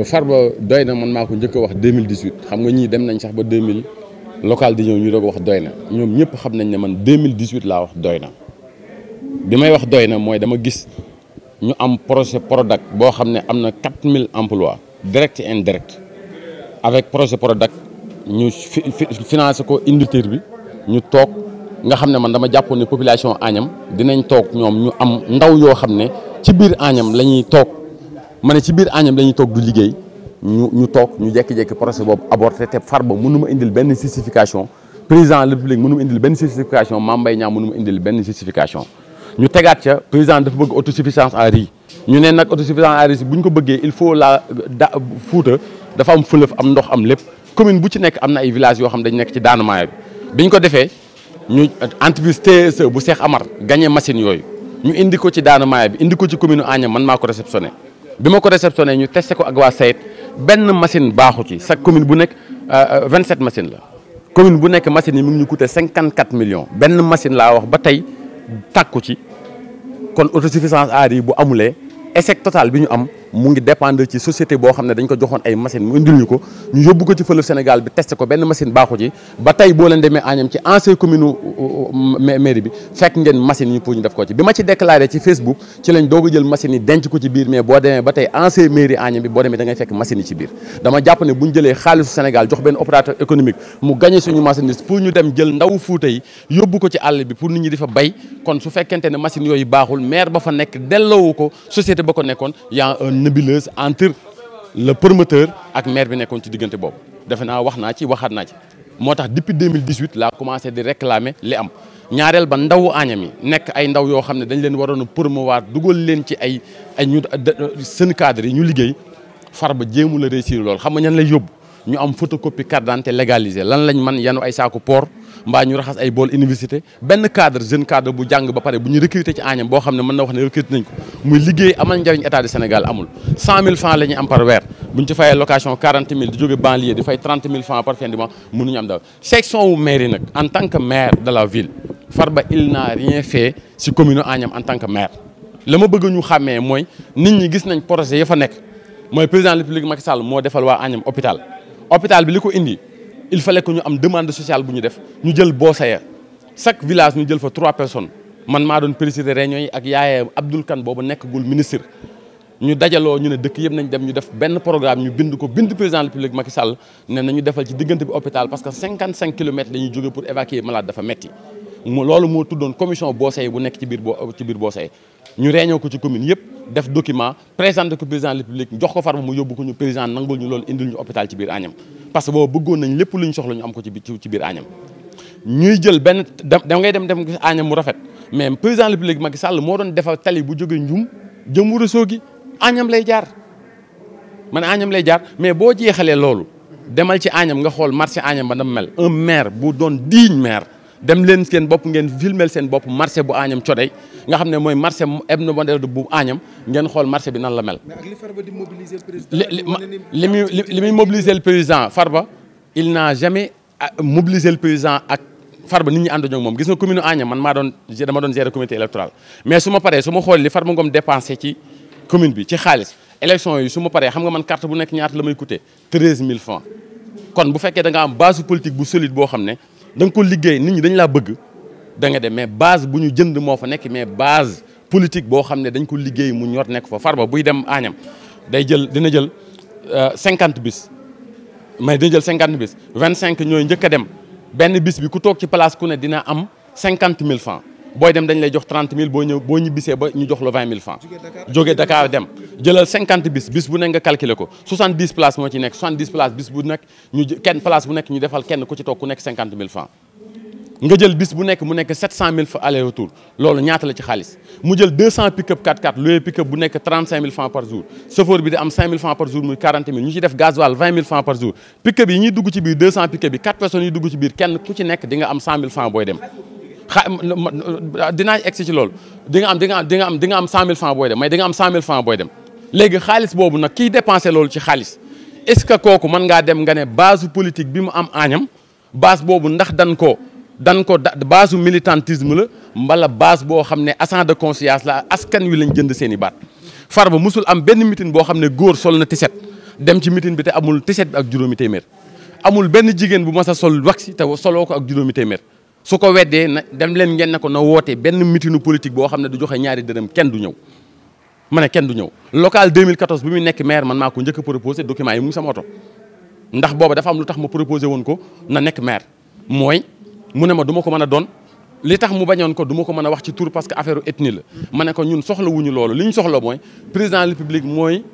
Euh, Farba doy na man maa ko njëkk a wax xam nga ñii dem nañ sax ba 2000 local di ñëw ñu doog wax doy na ñoom ñëpp xam nañ ne man 2018 laa wax doy na bi may wax doy na mooy dama gis ñu am projet Prodac boo xam ne am na 4000 emplois direct et indirect avec projet Prodac ñu financé ko industrie bi ñu toog nga xam ne man dama jàppoon ne population aañam dinañ toog ñoom ñu am ndaw yoo xam ne ci biir Agnam la toog. ma ne ci biir añam dañuy toog du liggéey ñu toog ñu jekki jékki procès boobu aborté te Farba mënu ma indil benn justification président de la République indil benn justification Mame Mbaye Niang mënu ma indil benn justification ñu tegaat ca président dafa bëgg autosuffisance en riz ñu ne nag autosuffisance en riz bu ñu ko bëggee il faut la da Fuuta dafa am fleuve am ndox am lépp commune bu ci nekk am na ay villages yoo xam dañ nekk ci daanumaaya bi biñ defee ñu entreprise TSE bu Cheikh Amar gagné machine yooyu ñu indi ko ci daanumaaya bi indi ko ci commune Agnam man maa ko réceptionné bi ma ko réceptionné ñu testé ko ak waa sayet benn machine baaxu ci chaque commune bu nekk euh, vingt 27 machine la commune bu nekk machine yi mu ngi ñu coûté 54 millions benn machine laa wax ba tey tàkku ci kon autosuffisance aar yi bu amulee échec total bi ñu am mu ngi dépendre ci société boo xam ne dañ ko joxoon ay machine mu indil ñu ko ñu yóbbu ko ci fële Sénégal bi testé ko benn machine pour ñu def ko ci bi ma ci déclaré ci Facebook a jël machine yi ko ci biir mais boo demee ba tey ancien mairie Agnam bi boo demee da ngay fekk machine yi ci biir dama jàpp ne bu ñu jëlee xaalisu Sénégal jox benn opérateur économique mu gagné ko ci àll bi pour yooyu baaxul maire ba fa nekk delloowu ko société ba ko nekkoon yaa nébuleuse entre le promoteur ak maire bi nekkoon ci diggante boobu defe naa wax naa ci waxaat naa ci moo tax depuis 2018 laa commencé di réclamer li am ñaareel ba ndaw Agnam yi nekk ay ndaw yoo xam ne dañ leen waroon a promouvoir dugal leen ci ay ay ñu seen cadre yi ñu liggéey far ba jéemu la réussir loolu xam nga ñan lay yóbbu ñu am photocopie carte d'identité légalisée lan lañ man yanu ay saaku port mbaa ñu raxas ay bool université benn cadre jeune cadre bu jàng ba pare bu ñu recruter ci Agnam boo xam ne mën na wax ne recruter nañ ko muy liggéey amal njariñ état du Sénégal amul cent mille francs la am par weer bu ñu ci fayee location quarante mille di jóge banlieue di fay trente mille francs par fin du mois am dara section wu mairie nag en tant que maire de la ville Farba il si commune Agnam en tant que maire la ma bëgg ñu xàmmee mooy nit ñi gis nañ projet ya fa nekk mooy président de la moo defal waa Agnam hôpital hôpital bi li ko indi il fallait que ñu am demande sociale bu ñu def ñu jël Boosaya chaque village ñu jël fa trois personnes man maa doon présider réunion yi ak yaayee Abdoul Kane boobu nekkagul ministre. ñu dajaloo ñu ne dëkk yëpp nañ dem ñu def benn programme ñu bind ko bind président de la République Macky Sall ne nañu defal ci diggante bi hôpital parce que cinquante cinq kilomètres la ñuy jóge pour évacuer malade dafa metti mu loolu moo tuddoon commission Bossé bu nekk ci biir bo ci biir Bossé ñu réunion ko ci commune yëpp def document présenté ko président de jox ko Farba mu yóbbu ko ñu président nangul ñu loolu indil ñu hôpital ci biir Agnam parce que boobu bëggoon nañ lépp lu ñu soxla ñu am ko ci ci biir Agnam ñuy jël benn da ngay dem dem gis Agnam mu rafet mais président de la République Macky moo doon defar tali bu jógee Ndioum jëm Ourossogui gi Agnam lay jaar man añam lay jaar mais boo jeexalee loolu demal ci Agnam nga xool marché Agnam ba dam mel un maire bu doon digne maire dem leen seen bopp ngeen filmel seen bopp marché bu Agnam Thioday nga xam ne mooy marché hebdomadaire bu Agnam ngeen xool marché bi nan la mel. li muy li muy mobiliser le président Farba il n'a jamais ah, mobilisé le président ak Farba nit ñi ànduñu ak moom gis nga commune Agnam man maa doon dama doon gérer comité électoral mais su ma paree su ma xoolee li Farba Ngom dépensé ci commune bi ci xaalis élection yi su ma paree xam nga man carte bu nekk ñaata la may coûter treize mille francs kon bu fekkee da nga am base politique bu solide boo xam ne. da nga ko liggéey nit ñi dañ laa bëgg da nga dem mais base bu ñu jënd moo fa nekk mais base politique boo xam ne dañ ko liggéey mu ñor nekk fa ba buy dem Agnam day jël dina jël euh, cinquante bis mais dina jël cinquante bis vingt cinq ñooy njëkk a dem benn bis bi ku toog ci place ku ne dina am cinquante mille francs booy dem dañ lay jox trente mille boo ñibbisee ba ñu jox la vingt mille francs jóge Dakar dem jëlal cinquante bis bis bu nekk nga calculer ko soixante dix places moo ci nekk soixante bis bu nekk ñu kenn place bu nekk ñu defal kenn ku mille francs nga jël bis bu nekk mu nekk sept cent mille aller retour loolu ñaata la ci mu jël deux cent pick up 4x4 bu nekk trente cinq mille francs bi di am cinq mille francs par jour muy quarante mille ñu ci def gasoil vingt mille francs par jour pick up di am cent mille francs booy xa ah, dinaa egg si ci lool di nga am dinga am dinga am di nga am cent mille francs booy dem mais di am cent mille francs booy dem léegi xaalis boobu nag kiy dépensé loolu ci xaalis est-ce que kooku mën ngaa dem nga ne baasu politique bi mu am aañam base boobu ndax dan ko dan ko base militantisme la mbala base boo xam ne assent de conscience la askan wi lañ jënd seeni baat far ba musul am benn mitin boo xam ne góor sol na tiset dem ci mitin bi te amul tiset bi ak juróomi téeméer amul benn jigéen bu mas a sol wax si te soloo ko ak juróomi su ko weddee na dem leen ngeen ne ko na woote benn mitinu politique boo xam ne du joxe ñaari dërëm kenn du ñëw ma ne kenn du ñëw local 2014 bi muy nekk maire man maa ko njëkk a proposé document yi mu ngi sama oto ndax booba dafa am lu tax ma proposé woon ko na nekk maire mooy mu ne ma du ma ko mën a doon li tax mu bañoon ko du ma ko mën a wax ci tour parce que affaire ethnie la ma ne ko ñun soxla wuñu loolu li ñu soxla mooy président de mooy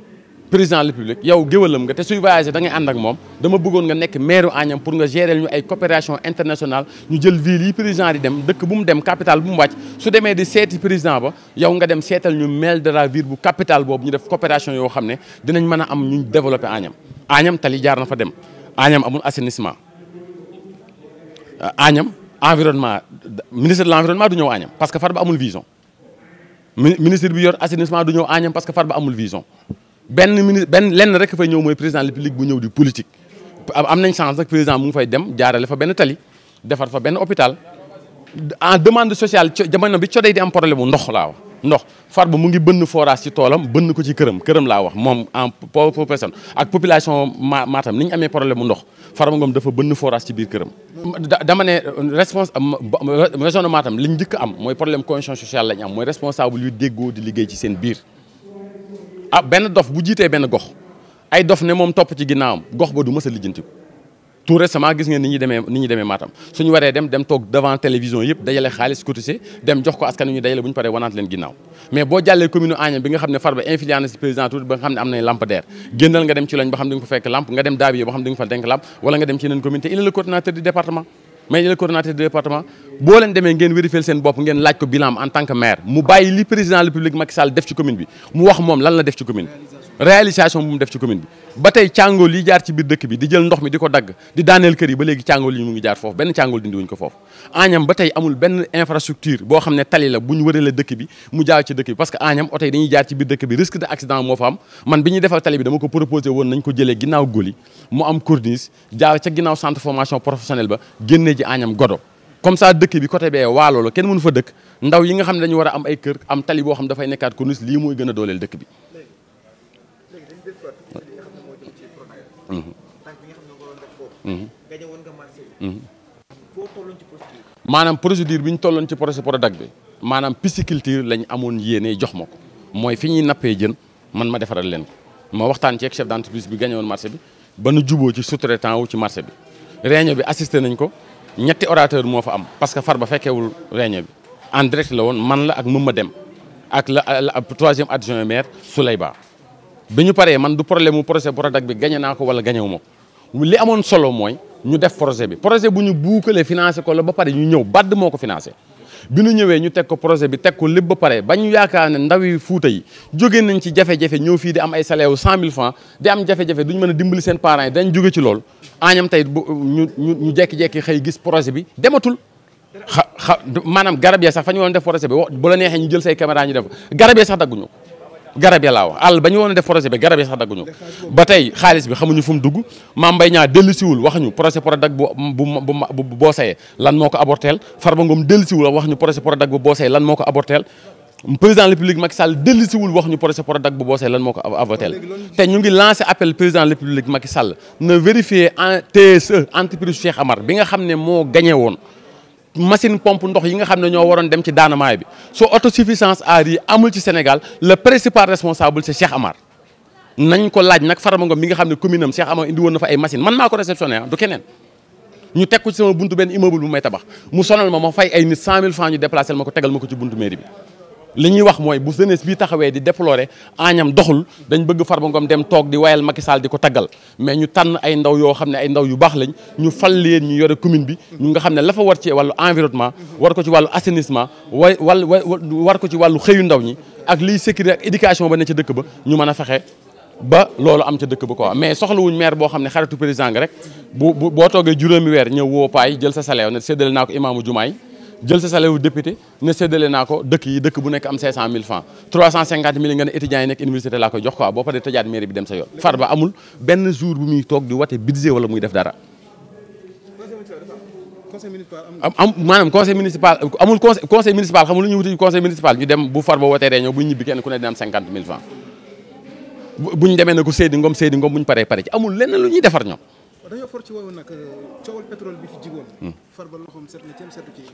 président le la république yow géwalam nga te suy voyagé da ngay ànd ak moom dama bëggoon nga nekk maire Agnam pour nga gérer ñu ay coopération internationale ñu jël ville yi président di dem dëkk bu mu dem capitale bu mu wàcc su demee di seeti président ba yow nga dem seetal ñu maire de la ville bu capitale boobu ñu def coopération yoo xam ne dinañ mën a am ñu développé Agnam Agnam tali jaar na fa dem Agnam amul assainissement Agnam environnement ministre de l'environnement du ñëw Agnam parce que Farba amul vision ministre bi yor assainissement du ñëw Agnam parce que Farba amul benn ministre benn lenn rek fay ñëw mooy président de la bu ñëw di politique am nañ chance nag président mu ngi fay dem jaarale fa benn tali defar fa benn hôpital en demande sociale jamono bi codey di am problème mu ndox laa ndox far ba mu ngi bënn forage ci toolam bënn ko ci këram këram laa wax moom en pauvre personne population ma Matam ni ñu amee problème mu ndox far ba moom dafa bënn forage ci biir këram dama ne response région li ñu njëkk am mooy problème cohésion sociale la ñu am mooy responsable yu déggoo di liggéey ci seen biir ah benn dof bu jiitee benn gox ay dof ne moom topp ci ginnaawam gox ba du mës lijjantiku tout récemment gis ngeen ni ñuy demee ni suñu waree dem dem toog devant télévision yëpp dajale xaalis cotisé dem jox ko askan wi ñu dajale bu ñu paree wanaat leen ginnaaw mais boo jàllee commune Agnam bi nga xam ne Farba infilié na si président tuuti ba nga xam ne am nañ lampadaire génnal nga dem ci lañ ba xam ne di fekk lamp nga dem Daabie ba xam ne fa denk mais le coordonnateur du département boo leen demee ngeen vérifier seen bopp ngeen laaj ko bilan en tant que maire mu bàyyi li président de la République Macky Sall def ci commune bi mu wax moom lan la def ci commune réalisation bu mu def ci commune bi ba tey càngool yi jaar ci biir dëkk bi di jël ndox mi di ko dagg di daaneel kër yi ba léegi càngool yi mu ngi jaar foofu benn càngool dindi wuñ ko foofu Agnam ba tey amul benn infrastructure boo xam ne tali la bu ñu wëralee dëkk bi mu jaaw ci dëkk bi parce que Agnam oto yi dañuy jaar ci biir dëkk bi risque de accident moo fa am man bi ñuy defal tali bi dama ko proposé woon nañ ko jëlee ginnaaw góli mu am corniche kenn mënu fa dëkk ndaw yi nga xam ne dañu a am ay kër am tali boo xam dafay nekkaat corniche Mmh. maanaam procédure bi ñu tolloon ci projet Prodac bi maanaam pisciculture lañu amoon yéene jox ma ko mooy fi ñuy nappee jën man ma defaral leen ko ma waxtaan ci ak chef d'entreprise bi gagné woon marché bi ba nu juboo ci sous-traitant wu ci marché bi. réunion bi assisté nañ ko ñetti orateur moo fa am parce que far Farba fekkeewul réunion bi en direct la woon man la ak Mouma Dem ak la la troisième adjoint maire Souley Ba bi ñu paree man du problème mu projet Prodac bi gagné naa ko wala gagné ma li amoon solo mooy ñu def projet bi projet bu ñu buukalee financé ko la ba pare ñu ñëw BAD moo ko financé. bi ñu ñëwee ñu teg ko projet bi teg lépp ba pare ba ñu yaakaar ne ndaw yi fuuta yi jóge nañ ci jafe-jafe ñëw fii di am ay salaire yu cent mille francs di am jafe-jafe duñ mën a dimbali seen parents yi dañ jóge ci lool Agnam tey bu ñu ñu jekki-jekki xëy gis projet bi dematul. xa xa maanaam garab ya sax fa ñu woon def projet bi bu la neexee ñu jël say caméra ñu def garab ya sax garab ya laa wax àll ba ñu woon a def projet bi garab ya sax dagguñu ko ba tey xaalis bi xamuñu fu dugg maam mbay ñaa dellu wax ñu projet Prodac bu bu boo lan moo ko aborteel boo sayee lan moo ko président de la Sall dellu wax ñu projet Prodac bu boosee lan moo ko avotel te ñu ngi lancé appel président de la république Macky Sall na vérifier en TSE entreprise Cheikh Amar bi nga xam ne moo gagné woon machine pompe ndox yi nga xam ne ñoo waroon dem ci daanamaay bi su autosuffisance à riz amul ci Sénégal le principal responsable c'est Cheikh Amar nañ ko laaj nag Farba Ngom mi nga xam ne commune am Cheikh Amar indi woon na fa ay machine man maa ko réceptionné ah du keneen ñu teg ko ci sama buntu benn immeuble bu may tabax mu sonal ma ma fay ay nit 100000 francs ñu déplacé ma ko tegal ma ko ci buntu mairie bi li ñuy wax mooy bu jeunesse bi taxawee di déplorer añam doxul dañ bëgg far Farba Ngom dem toog di wayal Macky Sall di ko taggal mais ñu tànn ay ndaw yoo xam ne ay ndaw yu baax lañ ñu fal leen ñu yore commune bi ñu nga xam ne la fa war ci wàllu environnement war ko ci wàllu assainissement wa war ko ci wàllu xëyu ndaw ñi ak liy sécurité ak éducation ba ne ci dëkk ba ñu mën a fexe ba loolu am ca dëkk ba quoi mais soxlawuñ maire boo xam ne xaritu président nga rek bu boo toogee juróomi weer ñëw woo paay sa salaire ne séddale naa ko jumaay jël sa salaire wu député ne séddale naa ko dëkk yi dëkk bu nekk am 500000 francs 350000 nga ne étudiants yi nekk université laa koy jox quoi boo paree tëjaat mairie bi dem sa yoon. Farba amul benn jour bu muy toog di wate budget wala muy def dara. am maanaam conseil municipal amul conseil conseil municipal xam nga lu ñuy wuti conseil municipal ñu dem bu Farba wootee réunion bu ñibbi kenn ku ne dina am 50000 francs bu ñu demee ne ko Seydi Ngom Seydi Ngom ñu defar ñoom. dañoo ci woowu nag euh, coowal pétrole hmm.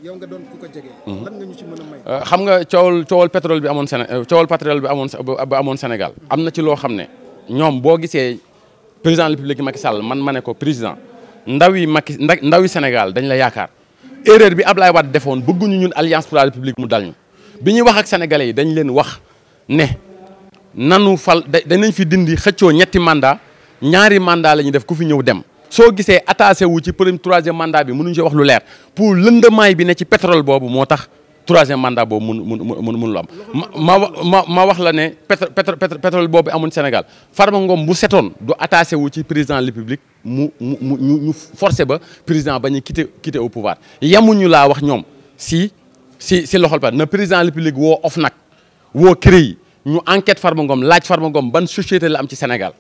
nga doon ku ko jege. Hmm. Euh, xam nga coowal coowal bi amoon Séné euh, coowal pétrole bi amoon ba amoon Sénégal. Hmm. am na ci loo xam ne ñoom boo gisee président de la République man ma ne ko président ndaw yi Macky ndaw Sénégal dañ la yaakaar erreur bi Ablaye Wade defoon bëgguñu ñun alliance pour la république mu dal ñu. bi ñuy wax ak sénégalais yi dañ leen wax ne nanu fal danañ fi dindi xëccoo ñetti mandat ñaari mandat la def ku fi ñëw dem. soo gisee attaché wu ci premier troisième mandat bi mënuñu ci wax lu leer pour lëndamaay bi ne ci pétrole boobu moo tax troisième mandat boobu mun mun mun lu am. ma ma ma wax la ne pétro pétrole boobu amoon Sénégal Farba ngoom bu setoon du attaché wu ci président de la République mu mu mu ñu ñu ba président ba ñu quitté quitté au pouvoir yemuñu laa wax ñoom si si si loxol par na président de la République woo nag woo CREI ñu enquête Farba ngoom laaj Farba ngoom ban société la am ci Sénégal.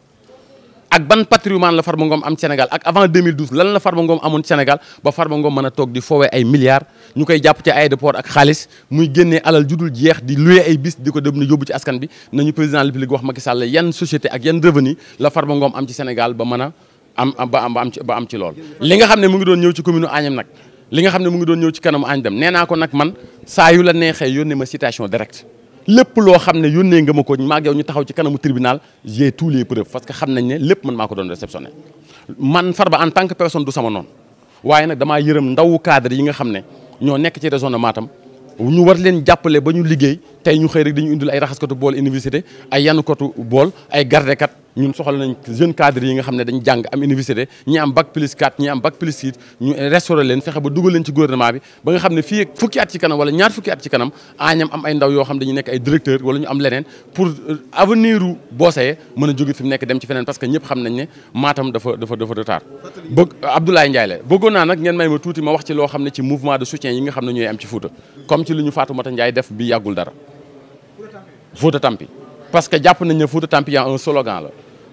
ak ban patrimoine la Farba Ngom am Sénégal ak avant 2012 lan la Farba Ngom amoon Sénégal ba Farba Ngom mën a toog di foowee ay milliards ñu koy jàpp ci aéroport ak xaalis muy génnee alal judul jeex di loué ay bis di ko dem ne yóbbu ci askan bi nañu président de la République wax Macky Sall yan société ak yan revenu la Farba ngoom am ci Sénégal ba mën a am ba am am ci lool li nga xam ne mu ngi doon ñëw ci commune Agnam nag li nga xam ne mu ngi doon ñëw ci kanamu Agnam nee naa ko nag man saa yu la neexee yónnee ma citation directe lépp loo xam ne yónnee nga ma ko maag yow ñu taxaw ci kanamu tribunal j'ai tous les preuves parce que xam nañ ne lépp man maa ko doon réceptionné man Farba en tant que personne du sama noonu waaye nag damaa yërëm ndawu cadre yi nga xam ne ñoo nekk ci région de Matam ñu war leen jàppale ba ñu liggéey tey ñu xëy rek dañu indil ay raxaskatu bool université ay yanukatu bool ay gardekat ñun soxal nañ jeune cadre yi nga xam ne dañ jàng am université ñi am bac plus 4 ñi am bac plus 6 ñu restauré leen fexe ba dugal leen ci gouvernement bi ba nga xam ne fii fukki at ci kanam wala ñaar fukki at ci kanam añam am ay ndaw yoo xam dañu nekk ay directeur wala ñu am leneen pour euh, avenir u Bosseye mën a jóge fi mu nekk dem ci feneen parce que ñëpp xam nañ ne Matam dafa dafa dafa retard bëgg Abdoulaye Ndiaye la bëggoon naa nag ngeen ma tuuti ma wax ci loo xam ne ci mouvement de soutien yi nga xam ne ñooy am ci Fouta comme ci parce que jàpp nañ ne Fouta Tampi la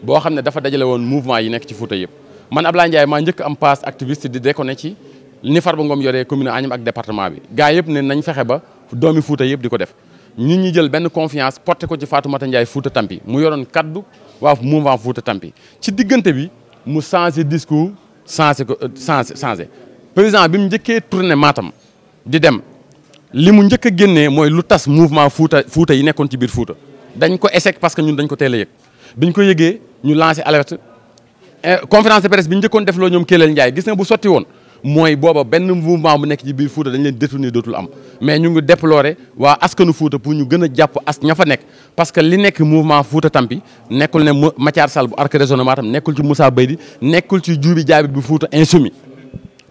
boo xam ne dafa dajale woon mouvement yi nekk ci Fouta yëpp man Ablaye Ndiaye maa njëkk am passe activiste di déconné ci ni Farba Ngom yoree commune Agnam ak département bi gars yëpp ne nañ fexe ba doomi Fouta yëpp di ko def nit ñi jël benn confiance porté ko ci Fatoumata Ndiaye Fouta Tampi mu yoroon kaddu waaw mouvement Fouta Tampi ci diggante bi mu changé discours changé ko euh, changé changé président bi mu njëkkee tourné Matam di dem li mu njëkk a génnee mooy lu tas mouvement Fouta Fouta yi nekkoon ci biir Fouta dañ ko échec parce que ñun dañ ko teel a yëg biñ ko yëgee ñu lancé alerte eh, conférence de presse bi ñu njëkkoon def loo ñoom Kelel Ndiaye gis nga bu sotti woon mooy booba benn mouvement bu nekk ci biir Fouta dañ leen détourné dootul am mais ñu ngi déploré waa askanu Fouta pour ñu gën a jàpp as ña fa nekk parce que li nekk mouvement Fouta Tampi nekkul ne Mathiar Sall bu arc raisonnement tam nekkul ci Moussa Baydi nekkul ci juubi Diabit bu Fouta Insoumis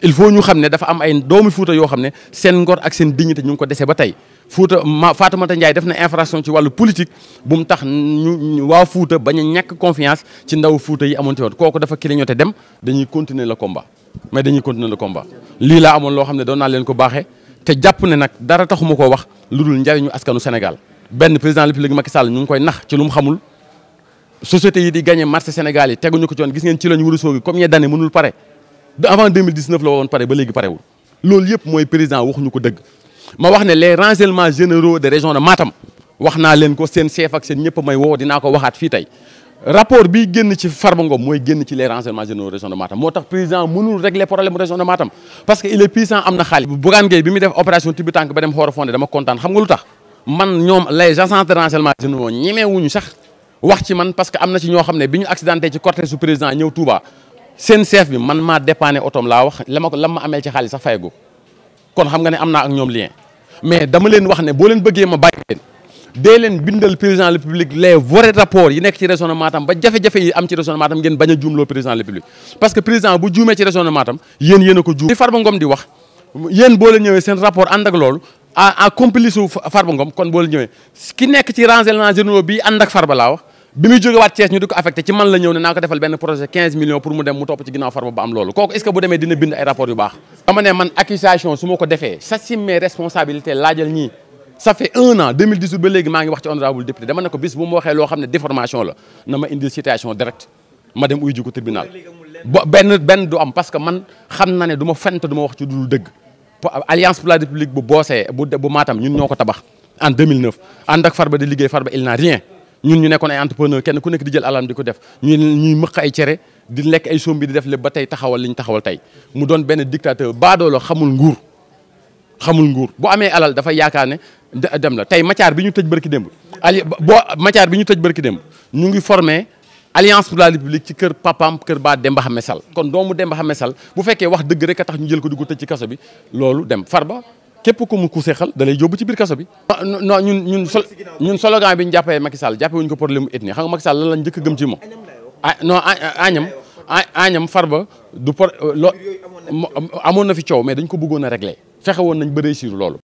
il faut ñu xam ne dafa am ay doomi Fuuta yoo xam ne seen ngor ak seen dignité ñu ngi ko dese ba tey Fuuta ma Faatumata Njaay def na infraction ci wàllu politique bu mu tax ñu waa Fuuta bañ a ñàkk confiance ci ndaw Fuuta yi amoon te woon kooku dafa clignoté dem dañuy continuer la combat mais dañuy continuer le combat lii laa amoon loo xam ne doon naa leen ko baaxee te jàpp ne nag dara taxuma koo wax lu dul njariñu askanu Sénégal benn président de la République ñu ngi koy nax ci lu mu xamul société yi di ko ci woon gis ngeen ci lañ avant 2019 la woon pare ba léegi parewul loolu yëpp mooy président waxuñu ko dëgg ma wax ne les renseignements généraux de région de Matam wax naa leen ko seen chef ak seen ñëpp may woo dinaa ko waxaat fii tey rapport bi génn ci Farba Ngom mooy génn ci les renseignements généraux région de Matam moo tax président mënul régler problème région de Matam parce que il est puissant am na xaalis Bougane Gueye bi muy def opération tibbi ñoo xam ne bi ñu accidenté ci cortège su président ñëw seen chef bi man maa dépanné otoom laa wax la ma ko la ma amee ci xaalis sax fayagoo kon xam nga ne am naa ak ñoom lien mais dama leen wax ne boo leen bëggee ma bàyyi leen dee leen bindal président de la république les vrais rapports yi nekk ci région de Matam ba jafe-jafe yi am ci région de Matam ngeen bañ a juumloo président de la république parce que président bu juumee ci région de Matam yéen yéen a ko juum. li Farba Ngom di wax yéen boo leen ñëwee seen rapport ànd ak loolu wu Farba kon boo leen ki nekk ci renseignements généraux bi ànd ak Farba laa wax. bi muy jógewaat Thiès ñu di ko affecté ci man la ñëw ne naa ko defal benn projet 15 pour mu dem mu topp ci ginnaaw Farba ba am loolu kooku est-ce que bu demee dina bind ay rapport yu baax dama ne man accusation su ma ko defee s'assume mes responsabilités laajal ñii ça fait un an 2018 ba léegi maa ngi wax ci honorable député dama ne ko bis bu ma waxee loo xam ne déformation la na ma indil citation directe ma dem uy ji tribunal benn benn du am parce que man xam na ne du ma fent ma wax ci dul dëgg alliance pour bu boosee maatam ñun ñoo ko tabax en 2009 ànd ak Farba di liggéey Farba il ñun ñu nekkoon ay entrepreneur kenn ku nekk di jël alalam di ko def ñu ñuy mëq ay cere di lekk ay sombi di def lépp ba tey taxawal li ñu taxawal tey mu doon benn dictateur baadoolo xamul nguur xamul nguur bu amee alal dafa yaakaar ne dem la tey Macaar bi ñu tëj bërki démb ali boo Macaar bi ñu tëj bërki démb ñu ngi formé alliance pour la république ci kër papam kër baa Demba Xame mesal kon doomu Demba Xame Sall bu fekkee wax dëgg rek a tax ñu jël ko di tëj ci kaso bi loolu dem Farba képp ku mu kuusee xal dalay lay ci biir kaso bi. Ah, non ñun ñun sol ñun slogan bi ñu jàppee Macky Sall jàppee wuñ ko problème mu ethnie xam nga Macky Sall lan lañ njëkk gëm ci moom. ah non añam añam du por euh, loo amoon na fi coow mais dañ ko buggoon a réglé fexe woon nañ ba réussir loolu.